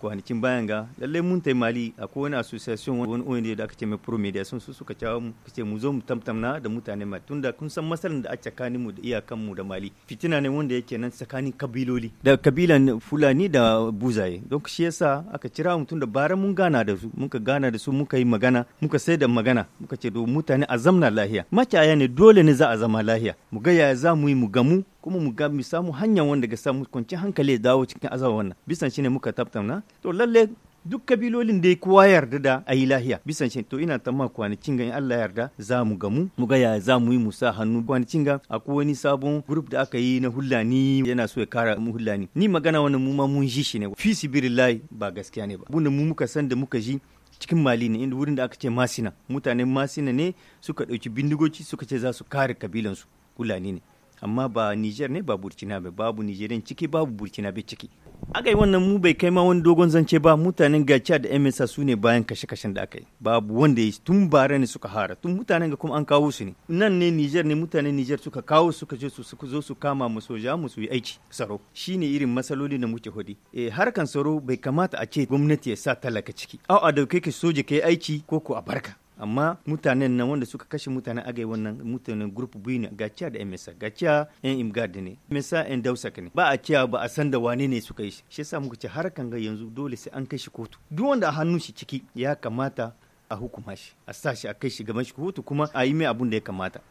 kwanakin bayan ga lallai mun tai mali akwai wani association wani oyin da aka ce mai pro sun su suka cewa mu kace mu zo mu tamtamna da mutane mai tunda kun san masalan da a tsakanin mu da iyakan mu da mali fitina ne wanda yake nan tsakanin kabiloli da kabilan fulani da buzaye don shi yasa aka kira mu tunda bara mun gana da su muka gana da su muka yi magana muka sai da magana muka ce do mutane a zamna lahiya makiyaya ne dole ne za a zama lahiya mu ga yaya za mu yi mu gamu kuma mu ga mu samu hanyar wanda ga samu kwanci hankali dawo cikin azawa wannan bisan shine muka tattauna to lalle duk kabilolin da kowa yarda da a yi lahiya bisan shi to ina ta ma kwanakin ga in Allah yarda za mu gamu mu ga ya za mu yi musa hannu kwanakin ga akwai wani sabon group da aka yi na hullani yana so ya kara mu hullani ni magana wani mu ma mun ji shi ne fi sibirillahi ba gaskiya ne ba bunda mu muka san da muka ji cikin mali ne inda wurin da aka ce masina mutanen masina ne suka ɗauki bindigoci suka ce za su kare kabilansu hulani ne amma ba niger ne ba burkina ba babu nigerian ciki babu burkina ba ciki aka yi wannan mu bai kai ma wani dogon zance ba mutanen gacha da msa su ne bayan kashe-kashen da aka yi babu wanda ya tun bara ne suka hara tun mutanen ga kuma an kawo su ne nan ne Niger ne mutanen nijar suka kawo suka je su suka zo su kama mu soja mu su yi aiki tsaro shine irin matsaloli da muke hudi eh harkan tsaro bai kamata a ce gwamnati ya sa talaka ciki aa a dauke ki soja kai aiki ko ko a barka amma mutanen nan wanda suka kashe mutanen agai wannan mutanen group biyu ne gaciya da MSA gaciya yan imgad ne MSA yan dausak ne ba a cewa ba a san da wane ne suka yi shi yasa muka ce harkan ga yanzu dole sai an kai shi kotu duk wanda a hannun shi ciki ya kamata a hukuma shi a sa shi a kai shi gaban shi kotu kuma a yi mai abun da ya kamata